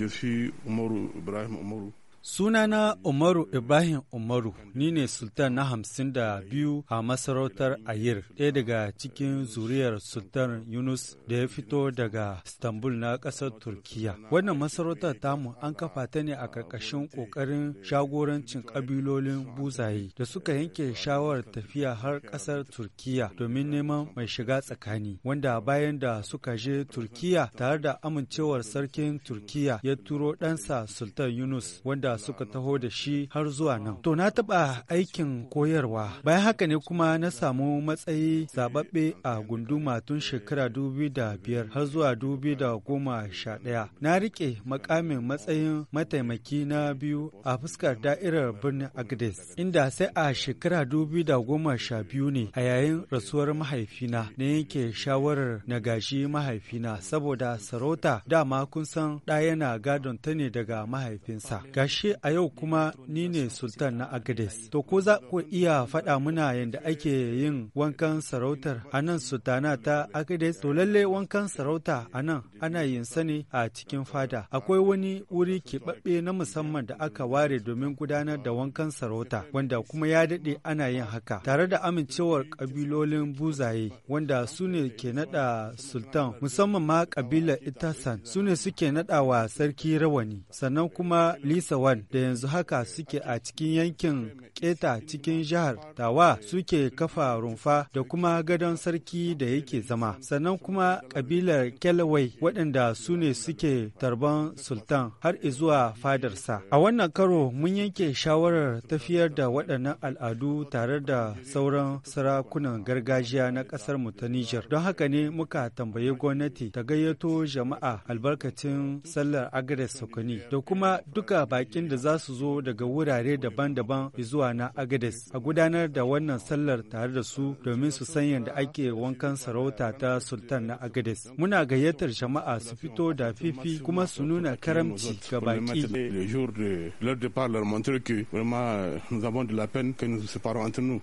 Je suis Omarou o Omarou. Sunana Umaru Ibrahim Umaru, ni ne Sultan na hamsin da biyu a masarautar Ayir, ɗaya daga cikin zuriyar Sultan Yunus da ya fito daga Istanbul na ƙasar Turkiyya, Wannan masarautar tamu an kafa ta ne a ƙarƙashin ƙoƙarin shagorancin ƙabilolin buzaye da suka yanke shawarar tafiya har ƙasar Turkiyya domin neman mai shiga tsakani, wanda bayan da suka je Turkiyya tare da amincewar sarkin Turkiya ya turo ɗansa Sultan Yunus wanda da suka taho da shi har zuwa nan. To na taɓa aikin koyarwa. Bayan haka ne kuma na samu matsayi zababbe a gunduma tun shekara dubi da biyar har zuwa dubi da goma sha ɗaya. Na riƙe makamin matsayin mataimaki na biyu a fuskar da'irar birnin Agdes, inda sai a shekara dubi da goma sha biyu ne a yayin rasuwar mahaifina na yanke shawarar na gashi mahaifina saboda sarauta dama kun san ɗaya na gadon ta ne daga mahaifinsa. Gashi ashe a yau kuma ni ne Sultan na Agades. To ko za ku iya faɗa muna yadda ake yin wankan sarautar a nan Sultana ta Agades? To lalle wankan sarauta a nan ana yin sani a cikin fada. Akwai wani wuri keɓaɓɓe na musamman da aka ware domin gudanar da wankan sarauta wanda kuma ya daɗe ana yin haka tare da amincewar ƙabilolin buzaye wanda su ne ke naɗa sultan musamman ma ƙabilar itasan su ne suke naɗa wa sarki rawani sannan kuma lisa Tawan da yanzu haka suke a cikin yankin Keta cikin jihar Tawa suke kafa rumfa da kuma gadon sarki da yake zama. Sannan kuma kabilar Kelwai waɗanda su ne suke tarban Sultan har izuwa fadarsa. A wannan karo mun yanke shawarar tafiyar da waɗannan al'adu tare da sauran sarakunan gargajiya na ƙasar mu ta Nijar. Don haka ne muka tambayi gwamnati ta gayyato jama'a albarkacin sallar Agres Sokoni da kuma duka baƙin bakin da za su zo daga wurare daban-daban zuwa na Agades a gudanar da wannan sallar tare da su domin su san yadda ake wankan sarauta ta Sultan na Agades. Muna gayyatar jama'a su fito da fifi kuma su nuna karamci ga baki.